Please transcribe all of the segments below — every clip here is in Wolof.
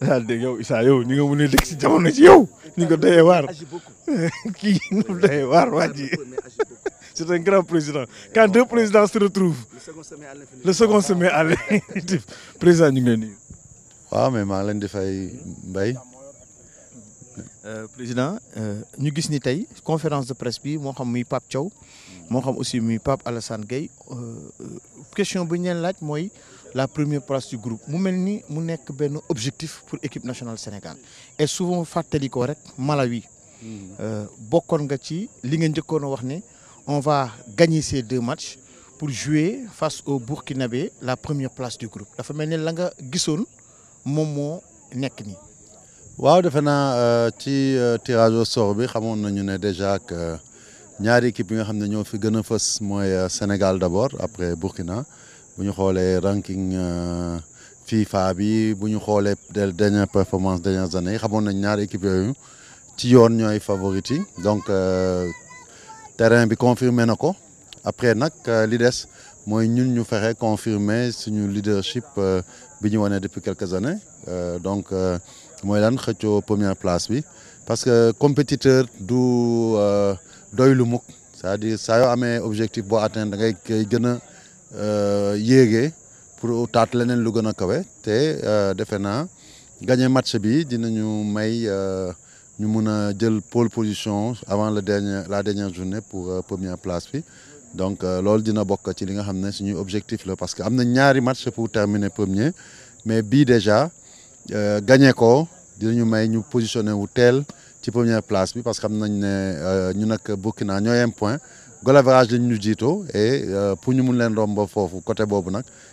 daal dégg yow Issa yow ni nga mën a dëkk si jamono ci yow ni nga ko doyee waar kii ni mu doyee waar waa ji c'est un grand président quand deux présidents se retrouvent le second se met à l'initiative président ñu ngi leen nuyu mais maa ngi leen di fay Mbaye euh, président euh, ñu gis ni tey conférence de presse bi moo xam muy pap Thiaw moo xam aussi muy pap, Alassane Gueye euh, question bu ñu leen laaj la première place du groupe mu mel ni objectif pour équipe nationale Sénégal et souvent fàttali ko Malawi. Mm-hmm. Euh, Boko nga ci li nga on va gagner ces deux matchs pour jouer face au Burkinabé la première place du groupe la femme est moom moo ni nii. waaw de naa euh, ci euh, tirage au sort bi xamoon nañu déjà que ñaari équipe yi nga xam ne ñoo fi Sénégal d'abord après Burkina buñu ñu le ranking euh, FIFA bi buñu ñu xoolee dernières performances dernières années xamoon nañ ñaari équipe yooyu ci yoon ñooy favorite yi donc euh, terrain bi confirmé après nag euh, li des mooy ñun ñu fexe confirmer suñu leadership bi ñu depuis quelques années donc mooy lan xëccoo première place bi parce que compétiteur du doy les mêmes. c'est-à-dire saa yoo amee objectif boo atteindre da ngay gën euh, yéegee pour taat leneen lu gën a kawe te euh, defe naa gagné match bi dinañu may euh, ñu mun a jël pole position avant le dernier la dernière journée pour première place bi donc loolu dina bokk ci li nga xam ne objectif la parce que am na ñaari match pour terminer premier mais bii déjà gagné ko dinañu may ñu positionné wu teel ci première place bi parce que xam nañ ne ñu nag Burkina ñooy un point Golf Village ñu et euh, pour ñu nous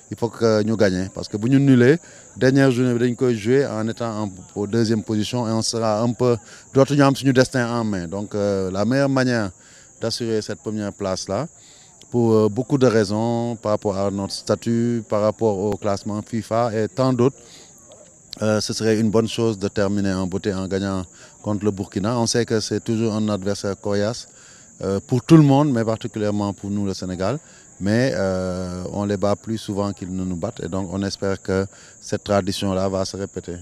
il faut que nous gagnions. parce que nous ñu nulee dernière journée nous dañ koy jouer en étant en deuxième position et on sera un peu devons tenir notre destin en main donc euh, la meilleure manière d'assurer cette première place là pour euh, beaucoup de raisons par rapport à notre statut par rapport au classement FIFA et tant d'autres ce serait une bonne chose de terminer en beauté en gagnant contre le Burkina. On sait que c'est toujours un adversaire coriace euh, pour tout le monde, mais particulièrement pour nous, le Sénégal. Mais euh, on les bat plus souvent qu'ils ne nous battent. Et donc, on espère que cette tradition-là va se répéter.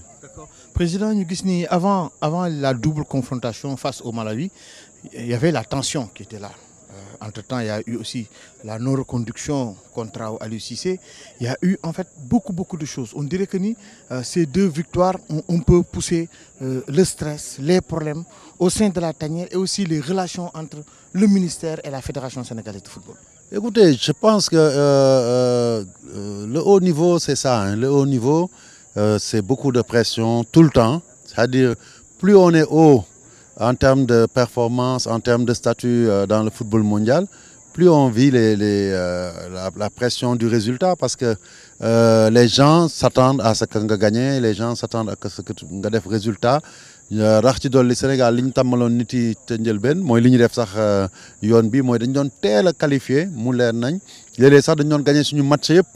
Président Nugisni, avant, avant la double confrontation face au Malawi, il y avait la tension qui était là. Euh, entre-temps, il y a eu aussi la non-reconduction contre à l'UCC. Il y a eu en fait beaucoup, beaucoup de choses. On dirait que euh, ces deux victoires, on, peut pousser euh, le stress, les problèmes au sein de la tanière et aussi les relations entre le ministère et la Fédération sénégalaise de football. Écoutez, je pense que le haut niveau, c'est ça. Hein. Le haut niveau, c'est beaucoup de pression tout le temps. C'est-à-dire, plus on est haut, en termes de performance, en termes de statut euh, dans le football mondial, plus on vit les, les, euh, la, la, pression du résultat parce que les gens s'attendent à ce qu'on gagne, les gens s'attendent à ce que nga def résultat. Euh, rax ci dolli Sénégal li Tamalon, Niti nit yi te njëlbeen mooy def sax bi moi dañ doon qualifié mu leer nañ léeg sax dañ gagné suñu match yëpp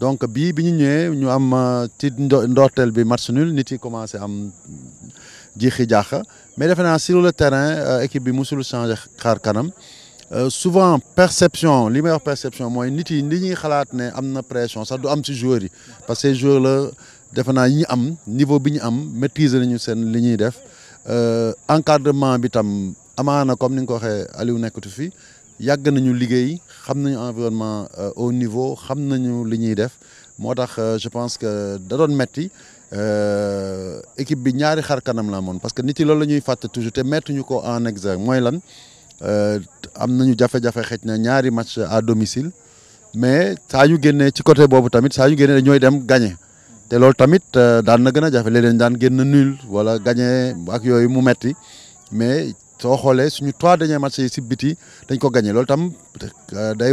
donc bi bi ñu ñëwee ñu am bi match nul nit yi commencé am jiixi jaaxa mais defe sur le terrain euh, équipe bi musul changer xaar kanam euh, souvent perception li meilleure perception Moi, nit yi li ñuy xalaat ne pression sax du am si joueur. yi parce que joueurs la defe naa ñi am niveau bi ñu am maîtriser nañu seen li ñuy def euh, encadrement bi tam amaana comme ni nga ko waxee Aliou nekkatu fi yàgg nañu liggéey xam nañu environnement au niveau xam nañu li ñuy def je pense que da doon metti Euh, équipe bi ñaari xar kanam la moon parce que nit yi loolu la fàtte toujours te mettre ñu ko en exergue mooy lan euh, am nañu jafe-jafe xëj na ñaari match à domicile mais saa ñu génnee ci côté boobu tamit saa ñu génnee ñooy dem gagné te loolu tamit euh, daan na gën a jafe léeg-léeg daan génn nul wala gagné ak yooyu mu metti mais soo xoolee suñu trois derniers matchs yi si biti dañ ko gagné loolu tam day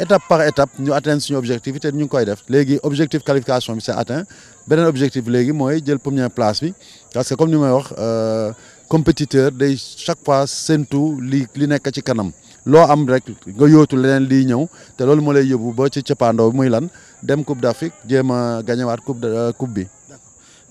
étape par étape ñu atteindre son objectif te ñu ngi koy def léegi objectif qualification bi c'est atteint beneen objectif légui moy jël première place bi parce que comme ni may wax euh, compétiteur day chaque fois sentou li li nek ci kanam lo am rek nga yootu lenen li ñëw té loolu mo lay yebbu ba ci cëppaandaw bi muy lan dem Coupe d'Afrique jéem a gañewaat coupe euh, coupe bi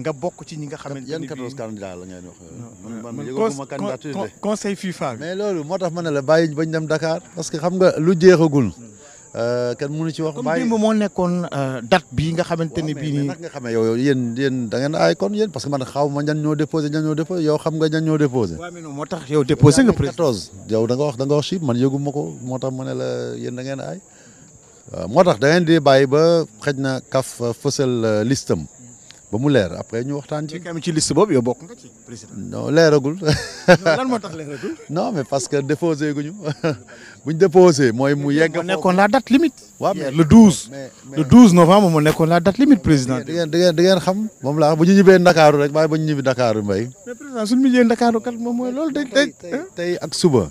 nga bokk ci ñi nga xamante yan quatorze candidats la ngeen wax man yëguma candidature de conseil FIFA bi mais loolu moo tax ma ne la bàyyi bañ hmm. euh, ci wax bàyyi moo nekkoon euh, date bii nga xamante ne bii nga xamee yow yow yéen yéen da ngeen ay kon yéen parce que man xaw ma ñan ñoo déposé ñan ñoo moo tax yow déposé nga quatorze yow da moo tax ma ne la yéen da ngeen ay waaw euh, moo tax da ngeen di bàyyi ba xëj na kaf fësal listam ba mu leer après ñu waxtaan ci. ci liste boobu yow bokk leeragul. lan mais parce que déposé guñu buñ déposé mooy mu yegg. mu nekkoon la date limite. waaw mais le 12. le 12 novembre mu nekkoon la date limite président. di ngeen di ngeen di ngeen xam moom laa bu ñu ñibbee Ndakaaru rek waaye ba ñu ñibbi Ndakaaru mbay. mais président Ndakaaru kat moom mooy loolu. tey tey tey ak suba.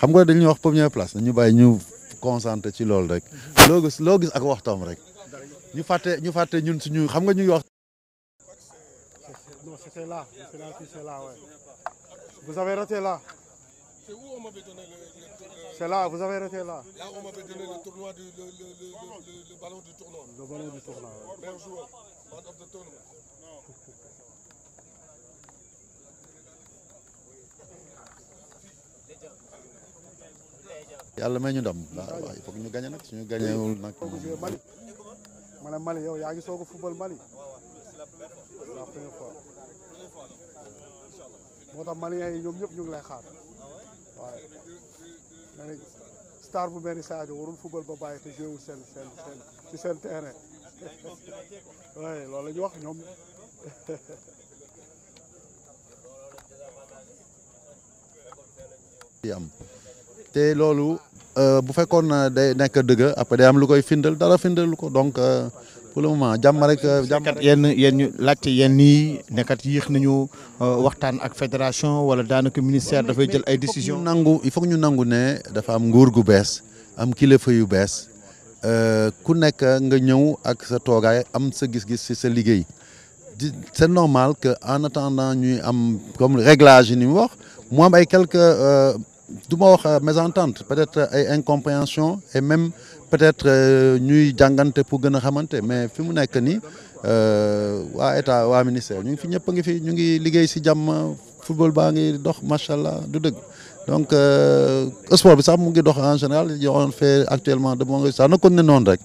xam nga dañuy wax première place dañu bàyyi ñu concentré ci loolu rek. loo gis loo gis ak waxtoom rek. ñu fàtte ñu fàtte ñun suñu C'est là. c'est là, ouais. Vous avez raté là. C'est où on m'avait donné le, tournoi C'est là, vous avez raté là. Là, on m'avait donné le tournoi, du, le, le, ballon du tournoi. Le ballon du tournoi, ouais. Meilleur joueur. Man of the tournament. may ñu ndam il faut que nous gagnions, suñu gagné mali Mali Mali. c'est la première fois. moo tax Malien yi ñoom ñëpp ñu lay xaar waaye star bu mel ni warul football ba bàyyi te joué seen seen seen ci seen terrain loolu la ñu wax ñoom. am te loolu euh, bu fekkoon na euh, day nekk dëgg après day am lu koy findal dara lu ko donc euh, pour le moment ah, jàmm rek jam yenn yenn ñu laajte yenn yi nekkat yéex nañu euh, waxtaan ak fédération wala daanaka ministère da fay jël ay décision nangu il faut ñu nangu né dafa am nguur gu bess am kilifa yu bess euh ku nekk nga ñëw ak sa togaay am sa gis-gis ci sa liggéey c'est normal que en attendant ñuy am comme réglage ni wax mu am ay quelques euh, du ma wax euh, mésentente peut-être euh, ay incompréhension et même peut-être euh, ñuy jàngante pour gën a mais fi mu nekk nii wa état wa ministère ñu ngi fi ñëpp a ngi fi ñu ngi liggéey football bangi, ngi dox macha du donc sport bi sax mu ngi dox en général on fait actuellement de bon sax na kon non noonu rek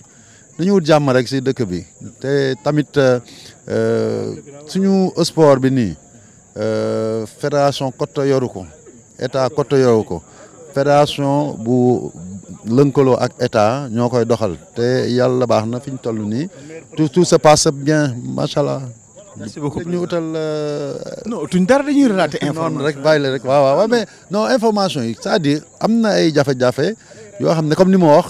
dañu wut jàmm rek si dëkk bi te tamit suñu sport bi euh, fédération côte yoruko. état côté yow ko fédération bu lënkaloo ak état ñoo koy doxal te yàlla baax na fi ñu toll nii tout tout se passe bien macha allah. merci beaucoup ñu utal. Euh, tuñ dara dañuy relater information rek bàyyi la rek waaw waaw mais non information yi c'est-à-dire am na ay jafe-jafe yoo xam ne comme ni ma wax.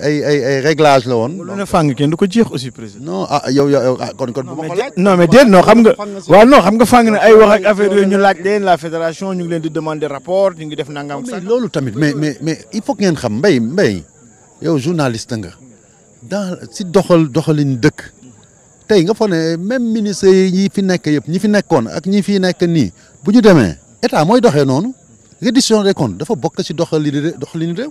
ay ay ay réglage la woon. lu ne fàng kenn ko jeex aussi président. non ah yow yow ah kon kon bu mais déet non xam nga. waaw non xam nga fàng na ay wax ak affaire yooyu ñu laaj leen la fédération ñu ngi leen di demander rapport ñu ngi def nangam. sax loolu tamit mais il faut ngeen xam mbay mbay yow journaliste nga dans si doxal doxalin dëkk tey nga foog ne même ministre yi ñi fi nekk yëpp ñi fi nekkoon ak ñi fi nekk nii bu ñu demee état mooy doxee noonu reddition des dafa bokk si doxalin doxalin réew.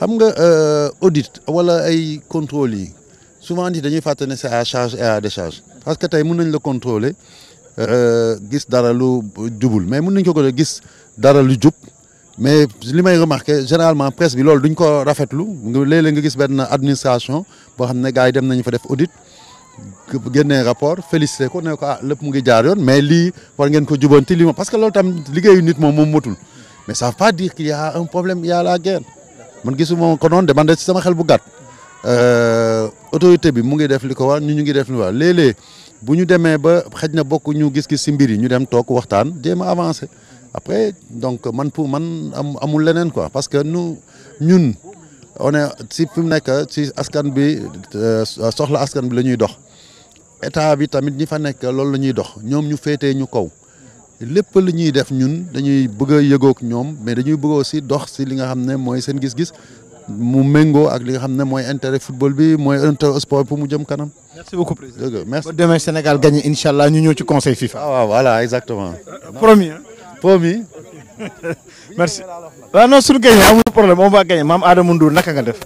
xam nga euh, audit wala ay contrôle yi souvent dit dañuy fàttali ne c'est à charge et à décharge parce que tey mun nañ la contrôler euh, gis dara lu jubul mais mun nañ ko ko gis dara lu jub mais li may remarqué généralement presque, bi loolu duñ ko rafetlu léeg-léeg nga gis benn administration boo xam ne gars yi dem nañ fa def audit génnee rapport félicité ko ne ko ah lépp mu ngi jaar yoon mais lii war ngeen ko jubanti li parce que loolu tam liggéeyu nit moom moom motul mais ça ne veut pas dire qu'il y a un problème il y a la guerre man gisuma ko noonu de man de ci sama xel bu gat euh autorité bi mu ngi def liko ko war ñu ñu ngi def li ko war léeg bu ñu démé ba xejna bokku ñu gis ki si mbir yi ñu dem tok waxtaan déma avancer après donc man pour man am amul lenen quoi parce que nous ñun on est ci fim nek ci askan bi euh, soxla askan bi lañuy dox état bi tamit ñi fa nek loolu lañuy dox ñom ñu fété ñu kaw lépp lu ñuy def ñun dañuy bëgg a yëgook mais dañuy bëgg aussi dox si li nga xam ne mooy gis-gis mu méngoo ak li nga xam ne intérêt football bi mooy sport pour mu jëm kanam. merci beaucoup président merci. demain Sénégal gagne, incha allah ñu ñëw ci conseil FIFA. ah voilà exactement. promis hein. promis. merci waaw non suñu gagné amul problème on va gagner maam Adama Ndour naka nga def.